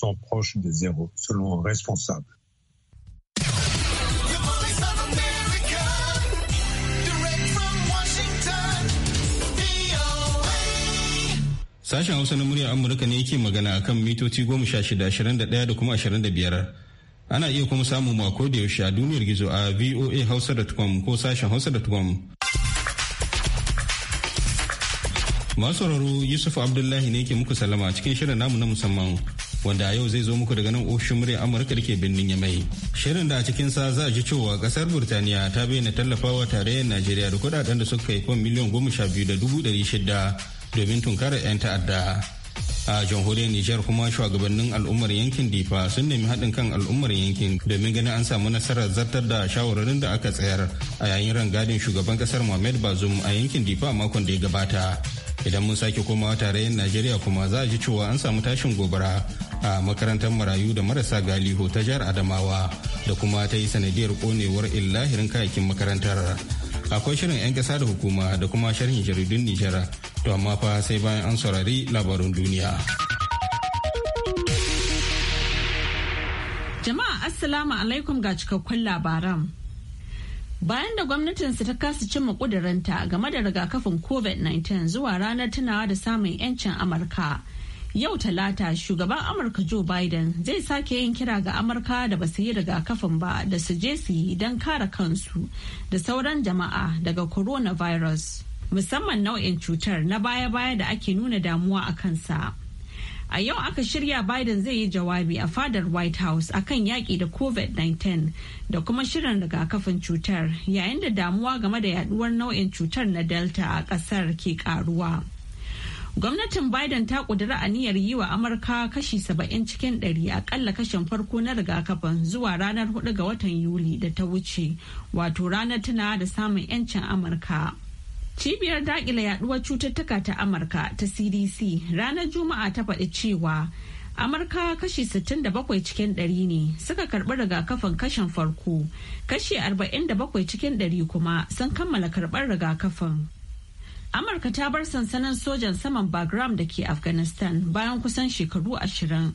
sont proches de zéro, selon un responsable. Sashen Hausa na muryar Amurka ne yake magana akan mitoci goma sha shida, ashirin da ɗaya da kuma ashirin da biyar. Ana iya kuma samun mako da yaushe a duniyar gizo a voa hausa da Tukwam ko sashen hausa da Tukwam. Masu sauraro Yusuf Abdullahi ne ke muku salama cikin shirin namu na musamman. wanda a yau zai zo muku daga nan ofishin murya Amurka da ke birnin Yamai. Shirin da a cikin sa za a ji cewa kasar Burtaniya ta bayyana tallafawa tarayyar Najeriya da kudaden da suka kai kan miliyan goma sha biyu da dubu ɗari shida domin tunkara 'yan ta'adda. a jamhuriyar nijar kuma shugabannin al'ummar yankin difa sun nemi haɗin kan al'ummar yankin domin ganin an samu nasarar zartar da shawararin da aka tsayar a yayin rangadin shugaban kasar mohamed bazoum a yankin difa makon da ya gabata idan mun sake komawa tarayyar najeriya kuma za a ji cewa an samu tashin gobara a makarantar marayu da marasa galihu ta jihar adamawa da kuma ta yi sanadiyar konewar illahirin kayakin makarantar akwai shirin 'yan kasa da hukuma da kuma sharhin jaridun nijar to amma fa sai bayan an saurari labarun duniya jama'a assalamu alaikum ga cikakkun labaran bayan da gwamnatinsu ta kasa cimma ƙuduranta game da rigakafin covid-19 zuwa ranar tunawa da samun 'yancin amurka Yau Talata shugaban Amurka Joe Biden zai sake yin kira ga Amurka da ba su yi rigakafin ba da su je su yi don kare kansu da sauran jama'a daga coronavirus musamman nau'in cutar na baya-baya da ake nuna damuwa a kansa. A yau aka shirya Biden zai yi jawabi a fadar White House akan yaƙi da COVID-19 da kuma shirin rigakafin cutar yayin da damuwa game da yaduwar nau'in cutar na Delta a ƙasar ke ƙaruwa. Gwamnatin Biden ta ƙudiri aniyar yi wa Amurka kashi 70 cikin 100 akalla kashin farko na rigakafin zuwa ranar 4 ga watan Yuli da ta wuce, wato ranar tuna da samun 'yancin Amurka. Cibiyar daƙila yaduwar cututtuka ta Amurka ta CDC ranar Juma'a ta faɗi cewa Amurka kashi 67 cikin 100 ne suka karɓi rigakafin kashin farko, kashi 47 cikin 100 kuma sun kammala karɓar rigakafin. Amurka ta bar sansanin sojan saman Bagram da ke Afghanistan bayan kusan shekaru ashirin.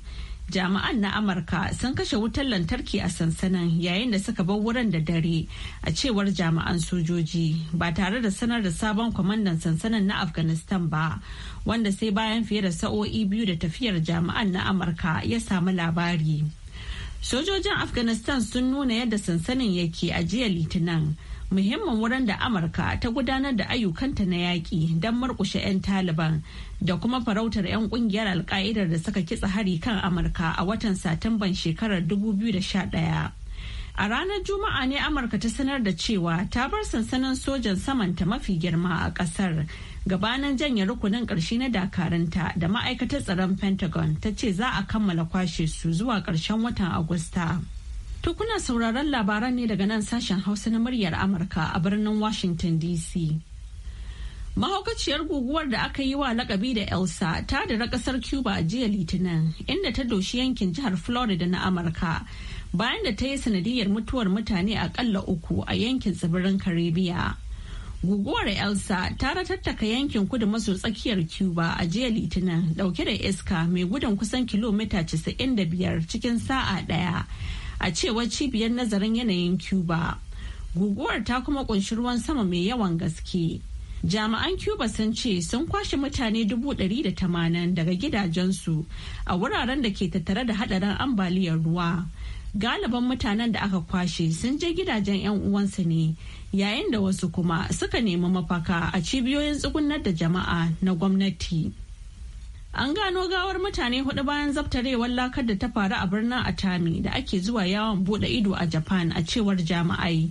Jama'an na Amurka sun kashe wutar lantarki a sansanin yayin da suka bar wurin da dare a cewar jama'an sojoji ba tare da sanar da sabon kwamandan sansanin na Afghanistan ba wanda sai bayan fiye da sa'o'i biyu da tafiyar jama'an na Amurka ya samu labari. Sojojin Afghanistan sun nuna yadda sansanin yake a jiya Litinin. muhimmin wurin da amurka ta gudanar da ayyukanta na yaƙi don murƙushe 'yan taliban da kuma farautar 'yan ƙungiyar alka'idar da suka kitsa hari kan amurka a watan satumban shekarar 2011 a ranar juma'a ne amurka ta sanar da cewa ta bar sansanin sojan samanta mafi girma a ƙasar gabanin janye rukunin ƙarshe na dakaranta da ma'aikatar tsaron pentagon ta ce za a kammala kwashe su zuwa ƙarshen watan agusta. To kuna sauraron labaran ne daga nan sashen Hausa na muryar Amurka a birnin Washington DC. Mahaukaciyar guguwar da aka yi wa lakabi da Elsa ta dira kasar Cuba a jiya Litinin inda ta doshi yankin jihar Florida na Amurka bayan da ta yi sanadiyar mutuwar mutane akalla uku a yankin tsibirin Karibiya. Guguwar Elsa ta ratattaka yankin kudu maso tsakiyar Cuba a jiya Litinin dauke da iska mai gudun kusan kilomita 95 cikin sa'a ɗaya. a cewar cibiyar nazarin yanayin cuba guguwar ta kuma kunshi ruwan sama mai yawan gaske jami'an cuba sun ce sun kwashe mutane da tamanin daga gidajensu a wuraren da ke tattare da hadarin ambaliyar ruwa galiban mutanen da aka kwashe sun je gidajen 'yan uwansu ne yayin da wasu kuma suka nemi mafaka a cibiyoyin tsugunar da jama'a na gwamnati. An gano gawar mutane hudu bayan zabtarewar lakar da ta faru a birnin Atami da ake zuwa yawon bude ido a Japan a cewar jami'ai.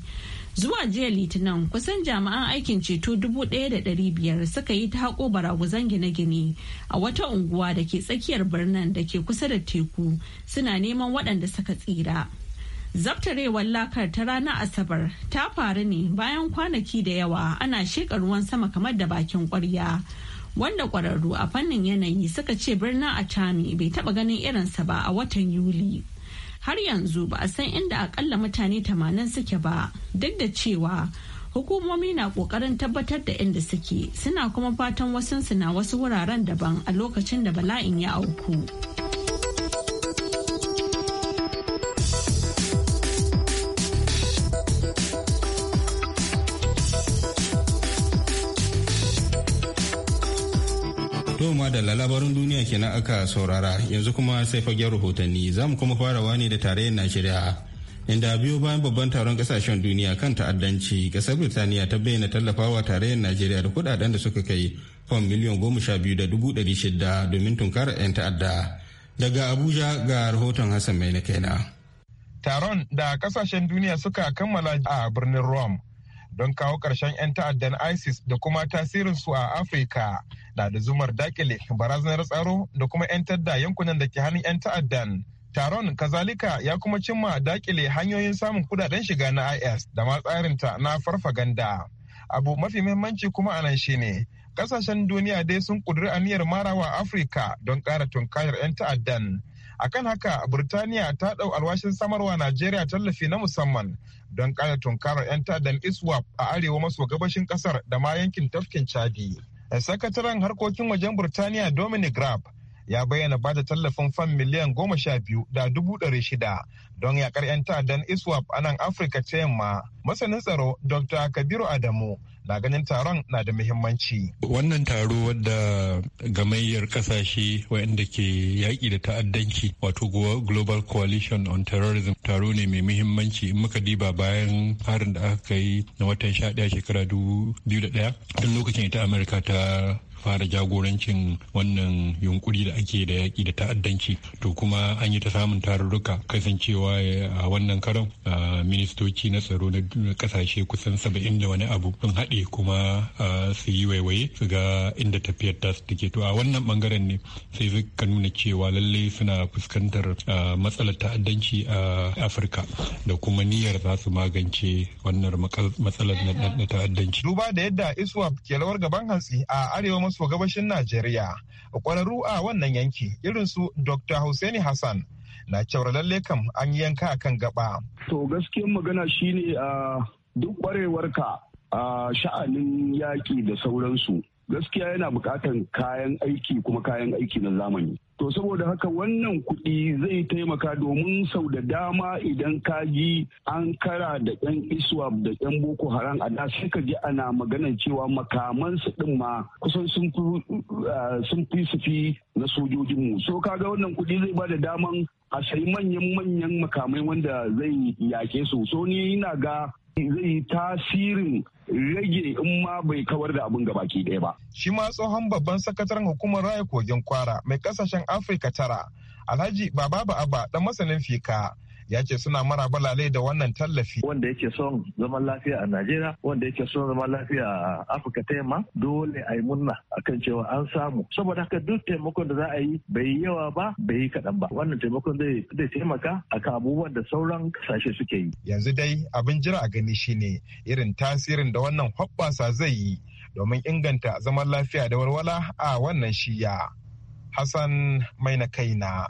Zuwa jiya Litinin kusan jami'an aikin ceto dubu ɗaya da ɗari biyar suka yi ta haƙo baraguzan gine-gine a wata unguwa da ke tsakiyar birnin da ke kusa da teku suna neman waɗanda suka tsira. Zabtarewar lakar ta ranar Asabar ta faru ne bayan kwanaki da yawa ana sheƙa ruwan sama kamar da bakin ƙwarya. wanda kwararru a fannin yanayi suka ce birnin atami bai taɓa ganin irinsa ba a watan yuli har yanzu ba a san inda akalla mutane 80 suke ba duk da cewa hukumomi na ƙoƙarin tabbatar da inda suke suna kuma fatan wasansu na wasu wuraren daban a lokacin da bala'in ya auku. wannan kenan aka saurara yanzu kuma sai fagen rahotanni za mu kuma farawa ne da tarayyar najeriya inda biyu bayan babban taron kasashen duniya kan ta'addanci kasar birtaniya ta bayyana tallafawa tarayyar najeriya da kudaden da suka kai fam miliyan goma sha biyu da dubu ɗari shida domin tunkar 'yan ta'adda daga abuja ga rahoton hassan mai na kaina taron da kasashen duniya suka kammala a birnin rome don kawo ƙarshen 'yan ta'addan isis da kuma tasirin su a afirka na da zumar dakile barazanar tsaro da kuma 'yan tadda yankunan da ke hannun 'yan ta'addan taron kazalika ya kuma cimma dakile hanyoyin samun kudaden shiga na is da ma tsarinta na farfaganda abu mafi muhimmanci kuma a nan shine kasashen duniya dai sun kuduri aniyar marawa afirka don ƙara tunkayar 'yan ta'addan akan haka burtaniya ta ɗau alwashin samarwa najeriya tallafi na musamman don kana tunkarar 'yan tadan iswap a arewa maso gabashin kasar da ma yankin tafkin chadi sakataren harkokin wajen burtaniya dominic grab ya bayyana ba da tallafin fan miliyan goma sha biyu da dubu ɗari shida don yakar 'yan ta'addan iswap a nan afirka ta yamma masanin tsaro dr kabiru adamu na ganin taron na da muhimmanci. Wannan taro wadda gamayyar kasashe waɗanda ke yaƙi da ta'addanci wato Global Coalition on Terrorism taro ne mai muhimmanci in muka diba bayan harin da aka yi na watan 11 shekara ɗaya tun lokacin ita Amurka ta fara jagorancin wannan yunkuri da ake da yaƙi da ta'addanci to kuma an yi ta samun tarurruka kasancewa eh, a wannan karon eh, ministoci na tsaro na kasashe kusan saba'in da wani abu sun haɗe kuma eh, su yi waiwaye su ga inda tafiyar tasu take to a wannan bangaren ne sai suka nuna cewa lalle suna fuskantar matsalar ta'addanci a afirka da kuma niyyar za su magance wannan matsalar na ta'addanci duba da yadda iswap ke lawar gaban hantsi a arewa maso gabashin Najeriya. Kwararru a wannan yanki irin su Dr. Hussaini Hassan na cewar lalle kam an yanka kan gaba. To gaskiyar magana shine a duk kwarewarka a sha'anin yaƙi da sauransu. Gaskiya yana buƙatan kayan aiki kuma kayan aiki na zamani. To saboda haka wannan kuɗi zai taimaka domin sau da dama idan ka ji an kara da 'yan iswap da 'yan boko haram a da sai ka ji ana magana cewa makamansu ɗin ma kusan sun fi eh, su fi na sojojinmu. So ga wannan kuɗi zai ba da daman a sayi manyan manyan makamai wanda zai yake su. So ni ina ga zai yi tasirin rage in ma bai kawar da abin gabaki ɗaya ba. Shi ma tsohon babban sakataren hukumar raya kogin kwara mai kasashen Afirka tara Alhaji Baba Ba'aba ɗan masanin fika ya ce suna mara balale da wannan tallafi. Wanda yake son zaman lafiya a Najeriya, wanda yake son zaman lafiya a Afirka ta yamma, dole a yi murna akan cewa an samu. Saboda haka duk taimakon da za a yi bai yi yawa ba, bai yi kaɗan ba. Wannan taimakon zai taimaka akan abubuwan da sauran kasashe suke yi. Yanzu dai abin jira a gani shine irin tasirin da wannan hoɓɓasa zai yi domin inganta zaman lafiya da walwala a wannan shiya. Hassan mai na kaina,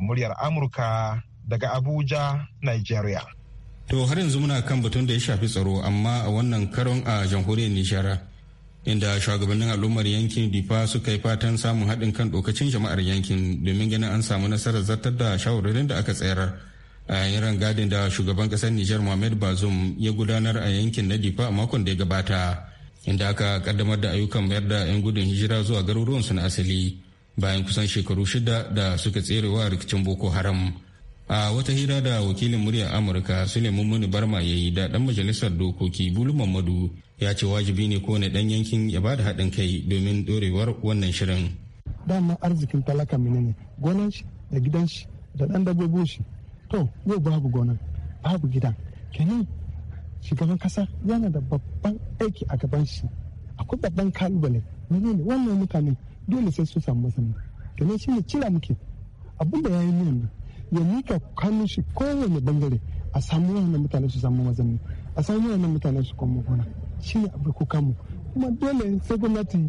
muryar Amurka daga Abuja, Nigeria. To har yanzu muna kan batun da ya shafi tsaro amma a wannan karon a jamhuriyar Nishara inda shugabannin al'ummar yankin Difa suka yi fatan samun haɗin kan dokacin jama'ar yankin domin ganin an samu nasarar zartar da shawarwarin da aka tsayar a yayin rangadin da shugaban ƙasar Nijar Mohamed Bazoum ya gudanar a yankin na Difa a makon da ya gabata inda aka kaddamar da ayyukan mayar da 'yan gudun hijira zuwa garuruwansu na asali bayan kusan shekaru shida da suka tserewa rikicin Boko Haram. a wata hira da wakilin muryar amurka suleiman muni barma ya yi da dan majalisar dokoki bulu mamadu ya ce wajibi ne kowane dan yankin ya bada haɗin kai domin dorewar wannan shirin dama arzikin talaka mene ne gonan shi da gidan shi da dan dabbobin shi to yau babu gonan babu gidan kenan shugaban kasa yana da babban aiki a gaban shi akwai babban kalubale ne wannan mutane dole sai su samu masana kenan shi ne cira muke abin ya yi miyan nan ya mika kwanu shi kowane bangare a samu wannan mutane su samu mazanni a samu wannan mutane su koma gona shi ne abu kuka mu kuma dole sai gwamnati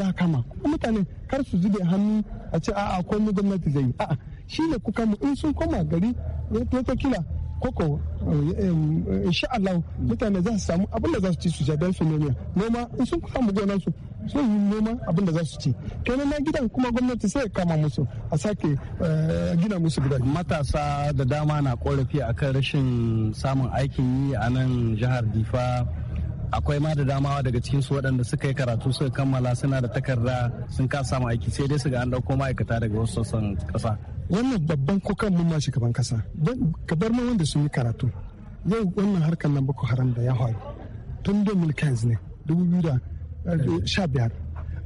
ya kama kuma mutane kar su zube hannu a ce a'a ko mu gwamnati zai yi a'a shi ne kuka mu in sun koma gari ya kila koko insha Allah mutane za su samu abin da za su ci su ja don su noma in sun mu gonar su so yi noman abin da za su ci kenan na gidan kuma gwamnati sai kama musu a sake eh, gina musu gidan matasa da dama na korafi akan rashin samun aikin yi a nan jihar difa akwai ma da dama daga cikin su waɗanda suka yi karatu suka kammala suna da takarda sun ka samu aiki sai dai su ga an ɗauko ma'aikata daga wasu sassan ƙasa. wannan babban kukan mun ma shugaban ƙasa ka bar ma wanda sun yi karatu yau wannan harkar nan boko haram da ya faru tun 2015 ne Eh, sha biyar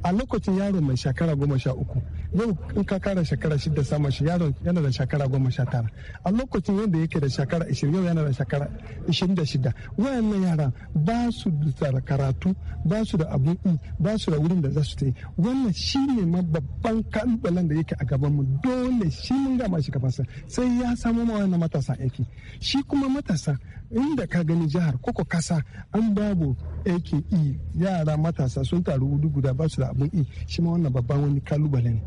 a lokacin yaro mai shekara goma sha uku yau in ka kara shekara shida sama shi yaron yana da shekara goma sha tara a lokacin yadda yake da shekara ishirin yau yana da shekara ishirin da shida wayannan yara ba su da karatu ba su da abun yi ba su da wurin da za su ta yi wannan shi ne ma babban kalubalen da yake a mu dole shi mun gama shi gabansa sai ya samu ma wannan matasa aiki shi kuma matasa inda ka gani jihar koko kasa an babu aiki yi yara matasa sun taru guda ba su da abun yi shi ma wannan babban wani kalubale ne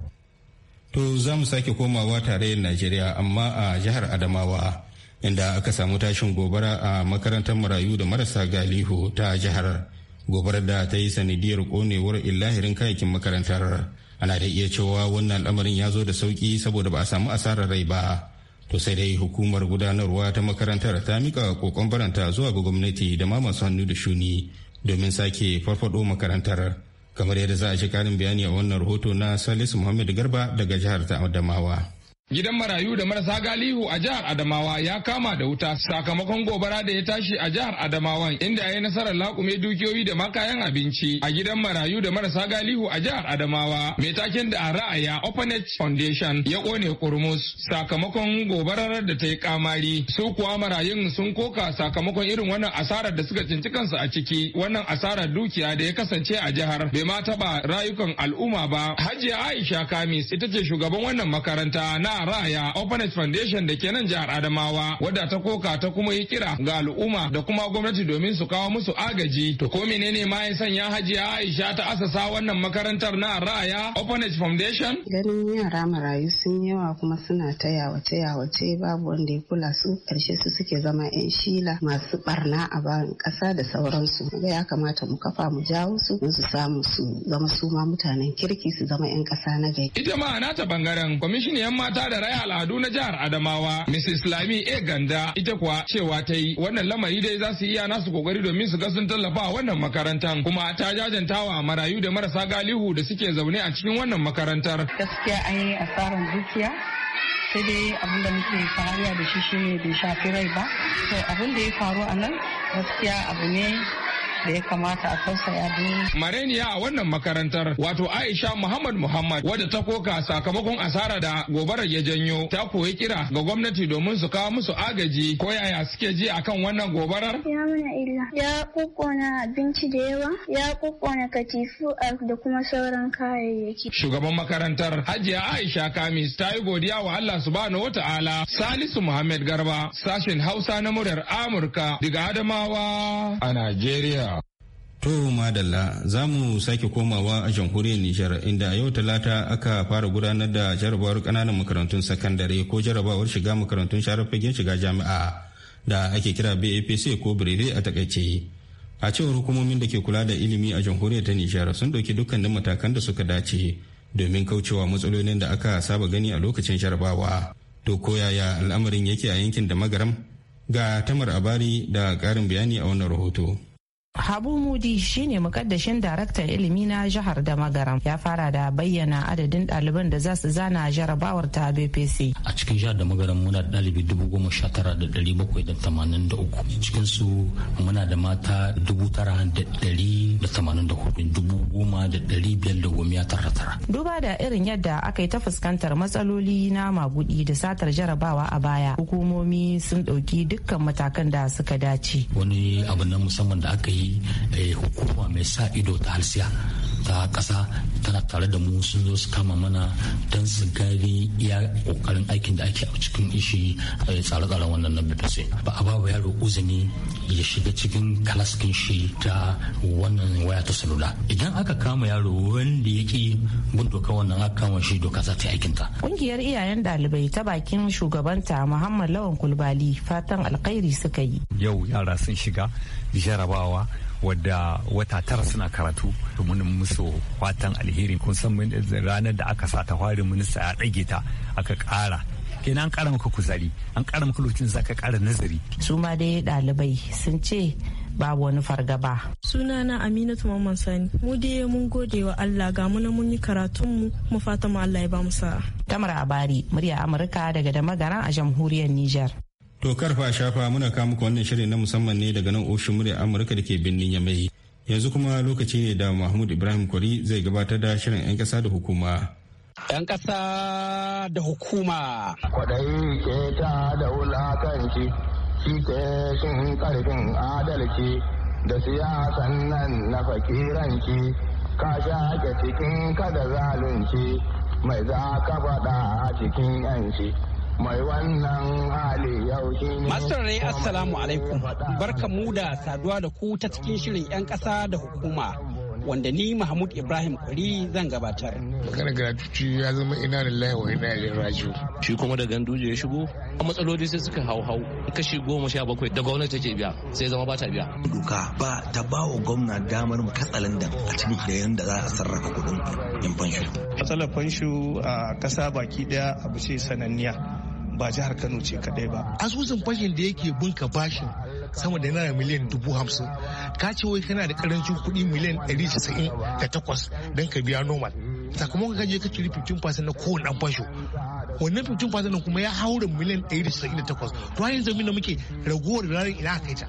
To za mu sake komawa tarayyar Najeriya amma a jihar Adamawa inda aka samu tashin gobara a makarantar marayu da marasa galihu ta jihar. Gobarar da ta yi sanadiyar konewar illahirin kayakin makarantar. Ana da iya cewa wannan al'amarin ya zo da sauki saboda ba a samu asarar rai ba. To sai dai hukumar gudanarwa ta makarantar ta mika kokon baranta zuwa ga gwamnati da ma masu hannu da shuni domin sake farfado makarantar. kamar yadda za a shi karin bayani a wannan rahoto na salisu muhammad garba daga jihar ta adamawa Gidan marayu da marasa galihu a jihar Adamawa ya kama da wuta sakamakon gobara da ya tashi a jihar Adamawa inda ya yi nasarar laƙume dukiyoyi da makayan abinci a gidan marayu da marasa galihu a jihar Adamawa mai taken da a ra'aya Orphanage Foundation ya ƙone kurmus sakamakon gobarar da ta yi kamari. Su kuwa marayun sun koka sakamakon irin wannan asarar da suka cinci kansu a ciki wannan asarar dukiya da ya kasance a jihar bai ma taɓa rayukan al'umma ba. Hajiya Aisha Kamis ita ce shugaban wannan makaranta na a raya openet foundation da ke nan jihar adamawa wadda ta koka ta kuma yi kira ga al'umma da kuma gwamnati domin su kawo musu agaji to ko menene ma ya sanya hajiya aisha ta asasa wannan makarantar na raya openet foundation ganin yara marayu sun yawa kuma suna ta yawace ce babu wanda ya kula su karshe su suke zama yan shila masu barna a bayan kasa da sauransu ga ya kamata mu kafa mu jawo su su samu su zama su ma mutanen kirki su zama yan kasa na gari ita ma nata bangaren yan mata da raya al'adu na jihar Adamawa Mrs. Lami A Ganda ita kuwa cewa ta yi wannan lamari dai za su iya nasu kokari domin su ga sun tallafa wannan makarantar kuma ta jajanta wa marayu da marasa galihu da suke zaune a cikin wannan makarantar. Gaskiya an yi asarar dukiya sai dai abin da muke fariya da shi shine bai shafi rai ba. To abin da ya faru a nan gaskiya abu ne da ya kamata a tausaya dai. Mareniya a wannan makarantar wato Aisha Muhammad Muhammad wadda ta koka sakamakon asara da gobarar ya janyo ta koyi kira ga gwamnati domin su kawo musu agaji ko yaya suke ji akan wannan gobarar. Ya mana illa ya kokona abinci da yawa ya kokona katifu ah, da kuma sauran kayayyaki. Shugaban makarantar Hajiya Aisha Kamis ta yi godiya wa Allah subhanahu wata ala Salisu Muhammad Garba sashen Hausa na muryar Amurka daga Adamawa a Najeriya. To madalla za mu sake komawa a jamhuriyar Nijar inda yau talata aka fara gudanar da jarabawar kananan makarantun sakandare ko jarabawar shiga makarantun sharar fagen shiga jami'a da ake kira BAPC ko Breve a takaice. A cewar hukumomin da ke kula da ilimi a jamhuriyar ta Nijar sun ɗauki dukkanin matakan da suka dace domin kaucewa matsalolin da aka saba gani a lokacin jarabawa. To ko yaya al'amarin yake a yankin da magaram? Ga Tamar Abari da ƙarin bayani a wannan rahoto. Habu Mudi shine mukaddashin daraktan ilimi na jihar da magaram ya fara da bayyana adadin ɗaliban da za su zana jarabawar ta BPC. A cikin jihar da magaram muna da ɗalibi dubu goma sha tara da ɗari bakwai da tamanin da uku. Cikin su muna da mata dubu tara da ɗari da tamanin da hudu dubu goma da ɗari biyar da goma tara tara. Duba da irin yadda aka yi ta fuskantar matsaloli na magudi da satar jarabawa a baya hukumomi sun ɗauki dukkan matakan da suka dace. Wani abu na musamman da aka yi Eh, hukuma mai sa ido ta halsiya ta ƙasa tana tare da mu sun zo su kama mana don su gari iya kokarin aikin da ake a cikin ishi eh, tsare-tsaren wannan na BBC. Ba a babu yaro uzini ya shiga cikin kalaskin shi ta wannan waya ta salula. Idan aka kama yaro wanda ya ki bin doka wannan aka kama shi doka za ta yi aikinta. Ƙungiyar iyayen ɗalibai ta bakin shugabanta Muhammad Lawan Kulbali fatan alkhairi suka yi. Yau yara sun shiga jarabawa wadda wata tara suna karatu mun musu fatan alheri kun san ranar da aka sa ta fari minista ya ɗage ta aka ƙara kenan an ƙara maka kuzari an ƙara maka lokacin za ka ƙara nazari su ma dai ɗalibai sun ce babu wani fargaba. suna na Aminatu Mamman Sani. Mu dai mun gode wa Allah ga muna mun yi karatun mu mu fata mu Allah ya ba mu sa'a. Tamar Abari, murya Amurka daga da magaran a jamhuriyar niger. To karfa shafa muna kawo muku wannan shirin na musamman ne daga nan ofishin murya Amurka da ke birnin Yamai. Yanzu kuma lokaci ne da Mahmud Ibrahim Kwari zai gabatar da shirin 'yan ƙasa da hukuma. 'Yan ƙasa da hukuma. Kwaɗayi ke ta da wulakanci, shi ke shin ƙarfin adalci da siyasan nan na fakiranci, ka shaƙe cikin kada zalunci, mai za ka faɗa a cikin 'yanci. mai wannan hali yau shine Masarai assalamu alaikum barka mu da saduwa da ku ta cikin shirin 'yan ƙasa da hukuma wanda ni Mahmud Ibrahim Kuri zan gabatar. Magana gratuity ya zama ina lillahi wa ina ilaihi raji'un. Shi kuma da ganduje ya shigo, matsaloli sai suka hau hau kashi goma sha bakwai da gwamnati take biya sai zama ba ta biya. Doka ba ta ba wa gwamna damar mu katsalandan a cikin da yanda za a sarrafa kuɗin yan fansho. Matsalar fansho a kasa baki ɗaya abu ce sananniya. ba jihar kano ce kadai ba asusun fashin da yake bunka bashin sama da naira miliyan dubu hamsin ka ce wai kana da karancin kuɗi miliyan ɗari casa'in da takwas don ka biya normal sakamakon ka je ka ciri 15% na kowane ɗan fasho wannan 15% kuma ya haura miliyan ɗari casa'in da takwas to yanzu da muke ragowar ranar ina kai ta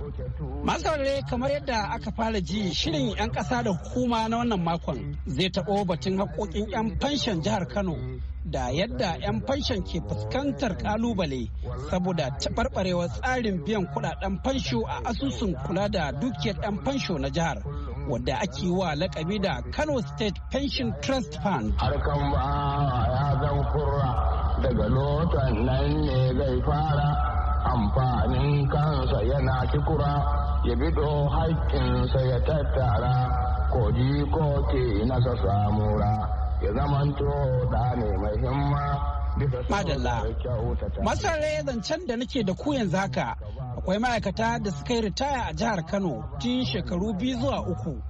Masaurare kamar yadda aka fara ji shirin 'yan ƙasa da hukuma na wannan makon zai taɓo batun haƙoƙin 'yan fanshan jihar Kano da yadda 'yan fanshan ke fuskantar kalubale saboda taɓarɓarewar tsarin biyan kuɗaɗen fansho a asusun kula da dukiyar 'yan fansho na jihar. wadda ake yi wa lakabi da Kano State Pension Trust Fund. Harkan ba ya zan kurra daga lotan nan ne zai fara amfanin kansa yana kikura ya bido haƙƙinsa ya tattara ko ko ke nasa samura ya zamanto da ne mai himma Madalla. ya zancen da nake da ku yanzu haka akwai ma'aikata da suka yi ritaya a jihar Kano tun shekaru biyu zuwa uku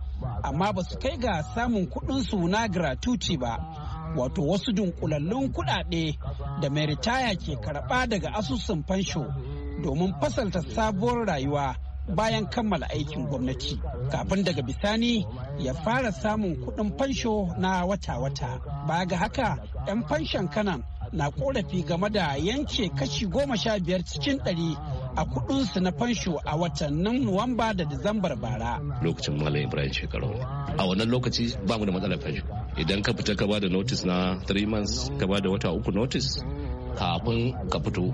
amma ba su kai ga samun kuɗin na gratuity ba. wato wasu dunkulallun kudade da mai ritaya ke karɓa daga asusun fansho domin fasalta sabuwar rayuwa bayan kammala aikin gwamnati kafin daga bisani ya fara samun kudin fansho na wata-wata ba ga haka 'yan fanshon kanan na korafi game da yanke kashi goma sha biyar cikin ɗari a kudinsu na fansho a watannin Nuwamba da Disambar bara. Lokacin Malam Ibrahim shekaru ne. A wannan lokaci ba mu da matsalar fansho. Idan ka fita ka ba da notice na 3 months ka ba da wata uku notice kafin ka fito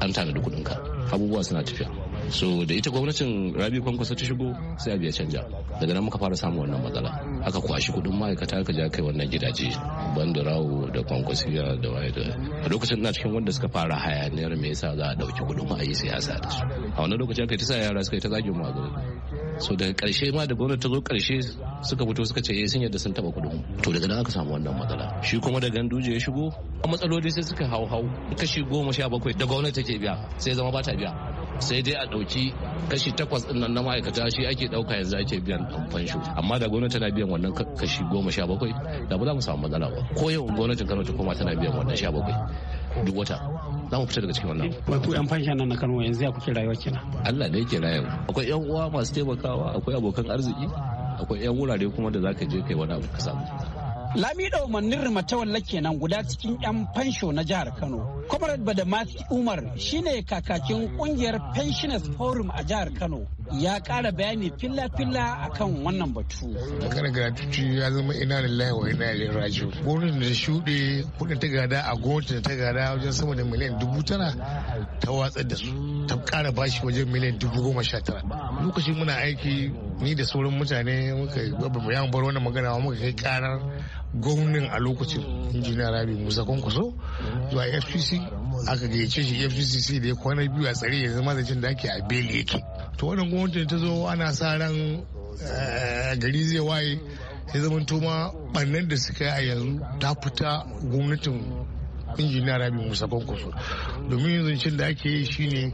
an tanadi kudinka. Abubuwa suna tafiya. So da ita gwamnatin Rabi kwankwasa ta shigo sai a biya canja. Daga nan muka fara samun wannan matsala. aka kwashi kudin ma'aikata aka ja kai wannan gidaje Bandarawo da kwankwasiya da waye da a lokacin na cikin wanda suka fara hayaniyar me yasa za a dauki kudin mu a yi siyasa da su a wannan lokacin aka yi ta sa yara suka yi ta zagin mu a so daga karshe ma da gwamnati ta zo karshe suka fito suka ce eh sun yadda sun taba kudin to daga nan aka samu wannan matsala shi kuma da ganduje ya shigo A matsaloli sai suka hau hau kashi goma sha bakwai da gwamnati take biya sai zama ba ta biya sai dai a ɗauki kashi takwas ɗin nan na ma'aikata shi ake ɗauka yanzu ake biyan ɗan fansho amma da gwamnati tana biyan wannan kashi goma sha bakwai da ba za mu samu matsala ba ko yau gwamnatin kano ta koma tana biyan wannan sha bakwai duk wata za mu fita daga cikin wannan. Wai ku 'yan fanshan nan na Kano yanzu ya kuke rayuwa kina. Allah ne ke rayuwa. Akwai 'yan uwa masu taimakawa, akwai abokan arziki, akwai 'yan wurare kuma da za ka je kai wani abu ka samu. Lamido Manir Matawalla kenan guda cikin 'yan fansho na jihar Kano. Comrade Badamasi Umar shine kakakin kungiyar Pensioners Forum a jihar Kano. Ya ƙara bayani filla-filla akan wannan batu. Magana gratuity ya zama ina lillahi wa ina ilaihi raju. Gwamnatin da shuɗe kuɗin ta gada a gwamnatin ta gada wajen sama da miliyan dubu tara ta watsar da su. Ta ƙara bashi wajen miliyan dubu goma sha tara. Lokacin muna aiki ni da sauran mutane muka yi mu yawon bar wannan magana muka kai karar gwamnan a lokacin injiniya rabi musa kwankwaso zuwa fcc aka gayyace shi fcc da ya kwana biyu a tsare ya zama da jin da ake a beli yake to wannan gwamnatin ta zo ana sa ran eh, gari zai waye ya zama ma bannan da suka yi a yanzu ta fita gwamnatin injiniya rabi musa kwankwaso domin yanzu cin da ake yi shine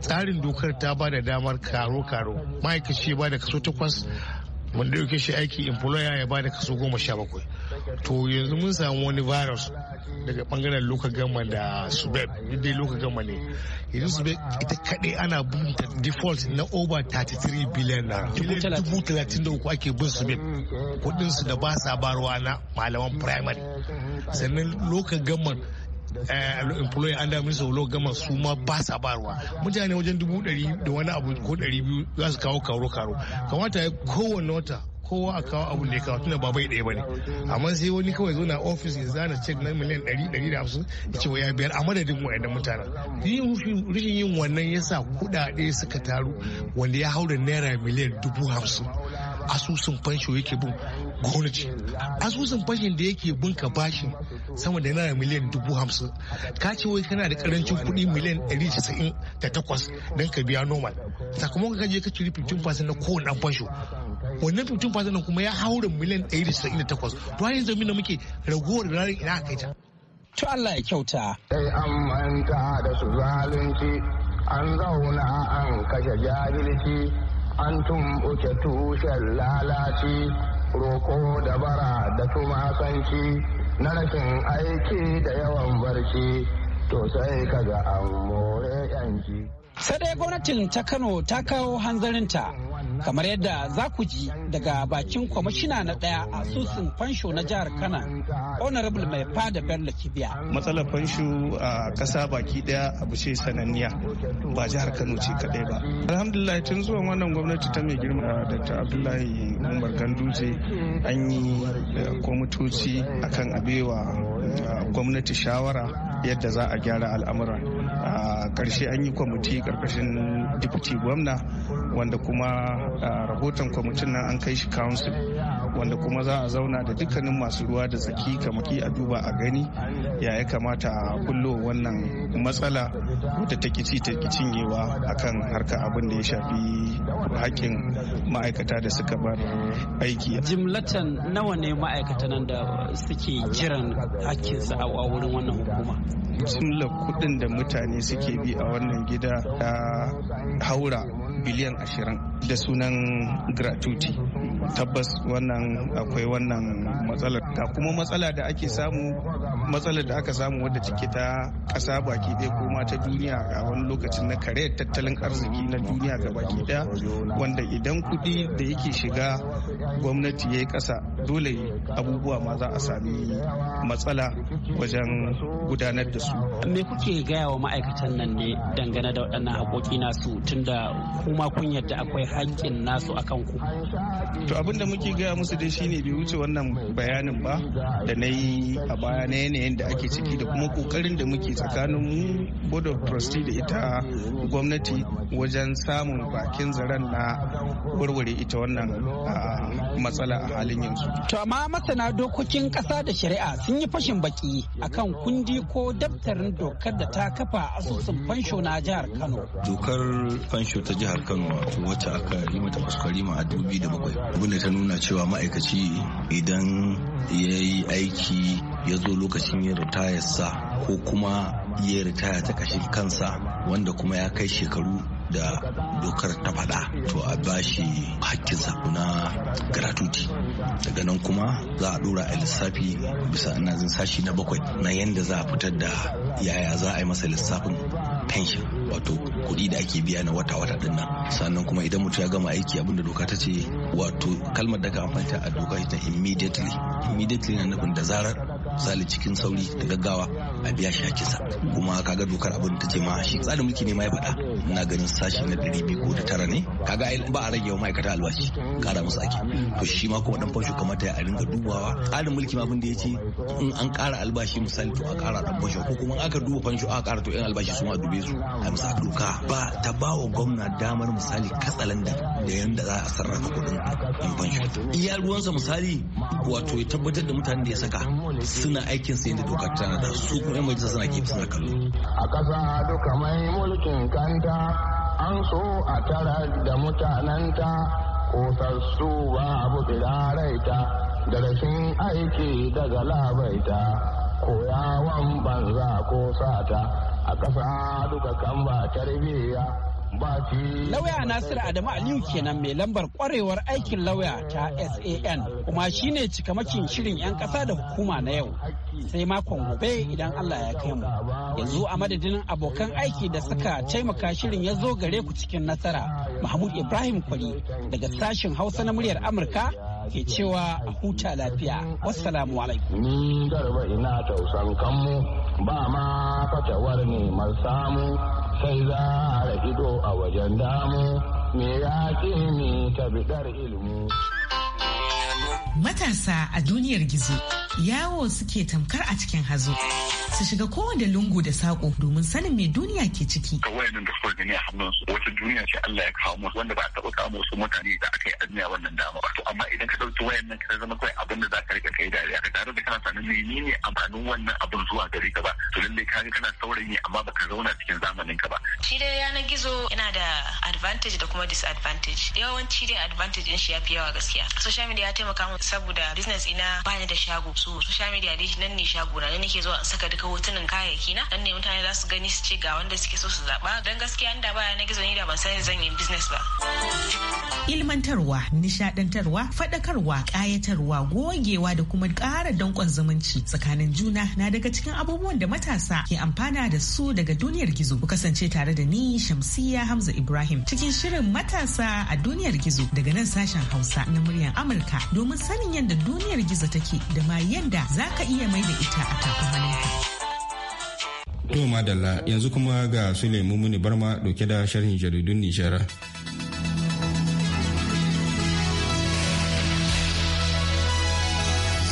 tsarin dokar ta ba da damar karo-karo ma'aikaci ba da kaso takwas mun ɗauke shi aiki employer ya bada kaso goma sha bakwai to yanzu mun samu wani virus daga bangaren local government da subeb dai local government ne yanzu subeb ita kaɗai ana bin default na over 33 billion naira dubu talatin da uku ake bin subeb kuɗinsu da ba sa barwa na malaman primary sannan local government Eh, employer under minister of gama su ma ba sa barwa mutane wajen dubu ɗari da wani abu ko ɗari biyu za su kawo karo karo kamata ya kowane wata kowa a kawo abu da ya kawo tunda ba bai ɗaya ba ne amma sai wani kawai zo na ofis ya zana cek na miliyan ɗari ɗari da hamsin ya ce ya biyar a madadin waanda mutanen rikin yin wannan ya sa kuɗaɗe suka taru wanda ya hau da naira miliyan dubu hamsin asusun fansho yake bin gwamnati asusun fanshin da yake bin ka bashin sama da naira miliyan dubu hamsin ka ce wai kana da karancin kuɗi miliyan ɗari casa'in da takwas don ka biya normal sakamakon ka je ka ciri 15% na kowane ɗan fansho wannan 15% kuma ya haura miliyan ɗari casa'in da takwas to har yanzu da muke ragowar ranar ina aka ta. to Allah ya kyauta. sai an manta da su zalunci an zauna an kashe jahilci an tumɓuke tushen lalaci roƙo da bara da tumasanci na rashin aiki da yawan barci to sai kaga an more Sai dai gwamnatin ta Kano ta kawo hanzarinta kamar yadda za ku ji daga bakin kwamishina na daya a asusun fansho na jihar kana honorable mai fada bello kibiya matsalar fansho a kasa baki daya abu ce sananniya ba jihar kano ce kadai ba alhamdulillah tun zuwa wannan gwamnati ta mai girma da ta abdullahi umar ganduje an yi eh, kwamitoci akan abewa eh, gwamnati shawara yadda za a gyara al'amuran a karshe an yi kwamiti karkashin deputy gwamna wanda kuma rahoton kwamitin nan an kai shi council wanda kuma za a zauna da dukkanin masu ruwa da tsaki kamaki a duba a gani ya ya kamata a kullo wannan matsala da ta kici ta cinyewa akan harka abin da ya shafi haƙƙin ma'aikata da suka bar aiki jimlatan nawa ne ma'aikata nan da suke jiran su a wurin wannan hukuma jimlar kuɗin da mutane suke bi a wannan gida ta haura biliyan ashirin da sunan gratuity tabbas wannan akwai wannan matsalar ga kuma matsala da ake samu matsalar da aka samu wadda take ta kasa baki ɗaya ko ma ta duniya a wani lokacin na kare tattalin arziki na duniya ga baki ɗaya wanda idan kuɗi da yake shiga gwamnati ya yi ƙasa dole abubuwa ma za a sami matsala wajen gudanar da su me kuke gaya wa ma'aikatan nan ne dangane da waɗannan haƙoƙi nasu tunda kuma kun yadda akwai haƙƙin nasu akan ku to abin da muke gaya musu dai shine bai wuce wannan bayanin ba da na yi a baya na yanayin da ake ciki da kuma kokarin da muke tsakanin mu board of trustee da ita gwamnati wajen samun bakin zaren na warware ita wannan matsala a halin yanzu to amma masana dokokin ƙasa da shari'a sun yi fashin baki akan kundi ko daftarin dokar da ta kafa asusun fansho na jihar kano dokar fansho ta jihar jihar wacce aka yi mata kuskurima a biyu da bakwai abinda ta nuna cewa ma'aikaci idan ya yi aiki ya zo lokacin yin sa, ko kuma ya ritaya ta kashin kansa wanda kuma ya kai shekaru da dokar ta faɗa to a bashi hakkinsa na gratuity daga nan kuma za a dora a lissafi bisa ina zin sashi na bakwai na yadda za a fitar da yaya za a yi masa lissafin pension wato kuɗi da ake biya na wata-wata din nan sannan kuma idan mutum ya gama aiki abin da doka ta ce wato kalmar da ka amfani a doka ita immediately immediately na nufin da zarar misali cikin sauri da gaggawa a biya shi hakinsa kuma kaga dokar abin ta ce ma shi tsarin mulki ne ma ya faɗa ina ganin sashi na ɗari biyu ko da tara ne kaga ba a rage wa ma'aikata albashi kara musu ake to shi ma kuma dan fansho kamata ya ringa dubawa tsarin mulki ma abin da ya ce in an kara albashi misali to a kara dan fansho ko kuma aka duba fansho aka kara to yan albashi su ma dube su a misa doka ba ta ba wa gwamna damar misali katsalandan da yanda za a sarrafa kuɗin in fansho iya ruwansa misali wato ya tabbatar da mutanen da ya saka suna aikin su yadda dokar tana da su kuma yan majalisa suna kifin suna kallo. A ƙasa duka mai mulkin kanta an so a tara da mutanenta kosassu ba abu tsiraraita da rashin aiki daga labaita. koyawan banza ko sata a ƙasa duka kan ba tarbiyya Lauya Nasir Adamu Aliyu kenan mai lambar kwarewar aikin lauya ta SAN kuma shine cikamakin shirin 'yan ƙasa da hukuma na yau sai makon gobe idan Allah ya kai mu. Yanzu a madadin abokan aiki da suka taimaka shirin ya zo gare ku cikin nasara Mahmud Ibrahim Kwari daga sashen Hausa na muryar Amurka ke cewa a huta lafiya wassalamu alaikum ni garba ina tausan kanmu ba ma fatawar ne samu sai za a ido a wajen damu me ya ce ni ta bidar ilimi matasa a duniyar gizo yawo suke tamkar a cikin hazo su shiga kowane lungu da sako domin sanin me duniya ke ciki. Ka nan da suka gani a hannunsu wata duniya ce Allah ya kawo musu wanda ba a taɓa samu wasu mutane da aka yi duniya wannan dama ba. To amma idan ka ɗauki nan ka zama kawai abin da za ka riƙa kai dariya ka tare da kana sanin menene amfanin wannan abin zuwa gare ka ba. To lallai ka kana saurayi amma baka zauna cikin zamanin ka ba. Shi dai yanar gizo yana da advantage da kuma disadvantage. Yawanci dai advantage din shi ya fi yawa gaskiya. Social media ya taimaka saboda business ina bani da shago. So social media dai nan ne shago na nake zuwa in saka duka hotunan kayayyaki na dan ne mutane za su gani su ce ga wanda suke so su zaba dan gaskiya inda ba na gizo ni da ban sani zan yi business ba ilmantarwa nishadantarwa fadakarwa kayatarwa gogewa da kuma ƙara dankon zumunci tsakanin juna na daga cikin abubuwan da matasa ke amfana da su daga duniyar gizo ku kasance tare da ni shamsiya hamza ibrahim cikin shirin matasa a duniyar gizo daga nan sashen hausa na muryar amurka domin sanin yadda duniyar gizo take da ma yadda za ka iya mai da ita a takwamanin To madalla yanzu kuma ga Sule Mumuni Barma dauke da sharhin jaridun Nijar.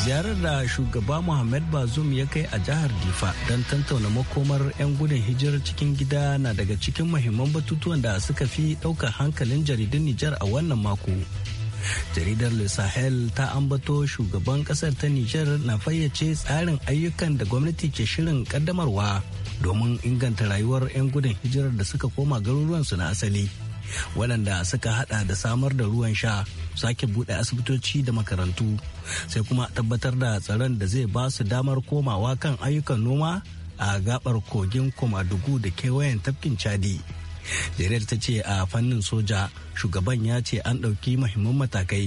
ziyarar da shugaba Muhammad Bazoum ya kai a jihar Difa don tantauna makomar 'yan gudun hijirar cikin gida na daga cikin mahimman batutuwan da suka fi ɗaukar hankalin jaridun Nijar a wannan mako. Jaridar Le Sahel ta ambato shugaban kasar ta Nijar na fayyace tsarin ayyukan da gwamnati ke shirin kaddamarwa. domin inganta rayuwar 'yan gudun hijirar da suka koma garuruwansu na asali waɗanda suka hada da samar da ruwan sha sake buɗe asibitoci da makarantu sai kuma tabbatar da tsaron da zai ba su damar komawa kan ayyukan noma a gabar kogin komadugu da kewayen tafkin chadi jerel ta ce a fannin soja shugaban ya ce an ɗauki mahimman matakai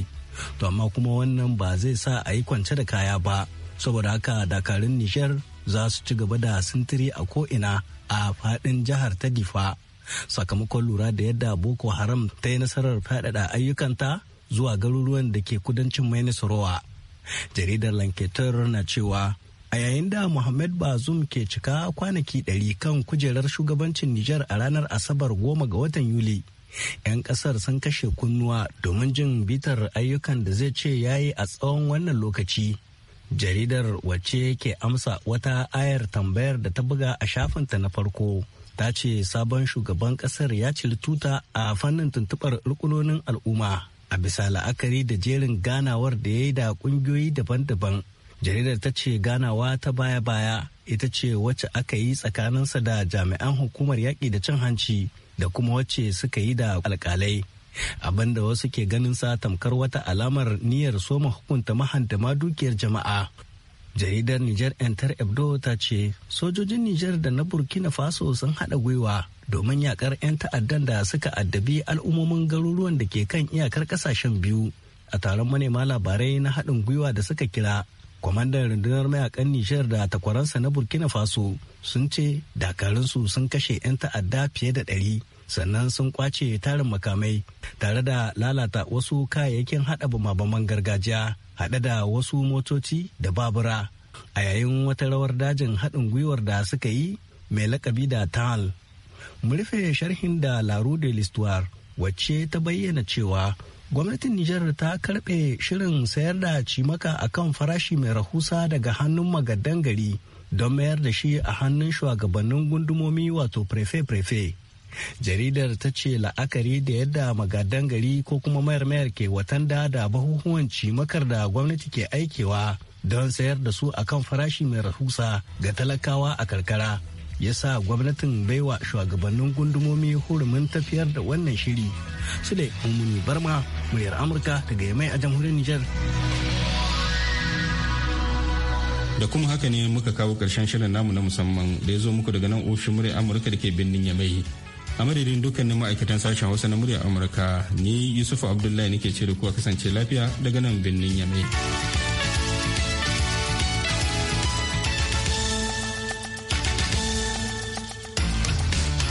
to amma kuma wannan ba zai sa a yi kwance da kaya ba saboda haka dakarun nijar za su ci gaba da sintiri a ko'ina a faɗin jihar ta difa sakamakon lura da yadda boko haram ta yi nasarar faɗaɗa ayyukanta zuwa garuruwan da ke kudancin mai nasarowa jaridar lanketar na cewa a yayin da Muhammad Bazum ke cika kwanaki ɗari kan kujerar shugabancin Nijar a ranar Asabar goma ga watan Yuli. 'Yan ƙasar sun kashe kunnuwa domin jin bitar ayyukan da zai ce ya yi a tsawon wannan lokaci jaridar wacce ke amsa wata ayar tambayar da ta buga a shafinta na farko ta ce sabon shugaban kasar ya ciri tuta a fannin tuntubar rukunonin al'umma a bisa la'akari da jerin ganawar da ya yi da kungiyoyi daban-daban jaridar ta ce ganawa ta baya-baya ita ce wacce aka yi tsakaninsa da jami'an hukumar yaƙi da cin hanci da kuma wacce suka yi da alƙalai abinda wasu ke ganin sa tamkar wata alamar niyyar soma hukunta mahantama dukiyar jama'a jaridar niger enter ebdo ta ce sojojin niger da na burkina faso sun haɗa gwiwa domin yakar 'yan ta'addan da suka addabi al'ummomin garuruwan da ke kan iyakar kasashen biyu a taron manema labarai na haɗin gwiwa da suka kira kwamandan rundunar mayakan nijar da takwaransa na burkina faso sun ce dakarunsu sun kashe 'yan ta'adda fiye da ɗari sannan sun kwace tarin makamai tare da lalata wasu kayayyakin haɗa bumabaman gargajiya haɗe da wasu motoci da babura a yayin wata rawar dajin haɗin gwiwar da suka yi mai lakabi da tal mu rufe sharhin da laru de l'histoire wacce ta bayyana cewa gwamnatin nijar ta karɓe shirin sayar da cimaka akan farashi mai rahusa daga hannun magadan gari don mayar da shi a hannun shugabannin gundumomi wato prefe-prefe jaridar ta ce la'akari da yadda magadan gari ko kuma mayar mayar ke watan da da bahuhuwan cimakar da gwamnati ke aikewa don sayar da su akan farashi mai rahusa ga talakawa a karkara ya sa gwamnatin baiwa shugabannin gundumomi hurumin tafiyar da wannan shiri su da umuni barma muryar amurka daga yamai a jamhuriyar nijar. da kuma haka ne muka kawo karshen shirin namu na musamman da ya zo muku daga nan ofishin muryar amurka da ke birnin yamai a madadin dukkanin ma'aikatan sashen hausa na muryar amurka ni yusuf abdullahi nake ce da kuwa kasance lafiya daga nan birnin yamai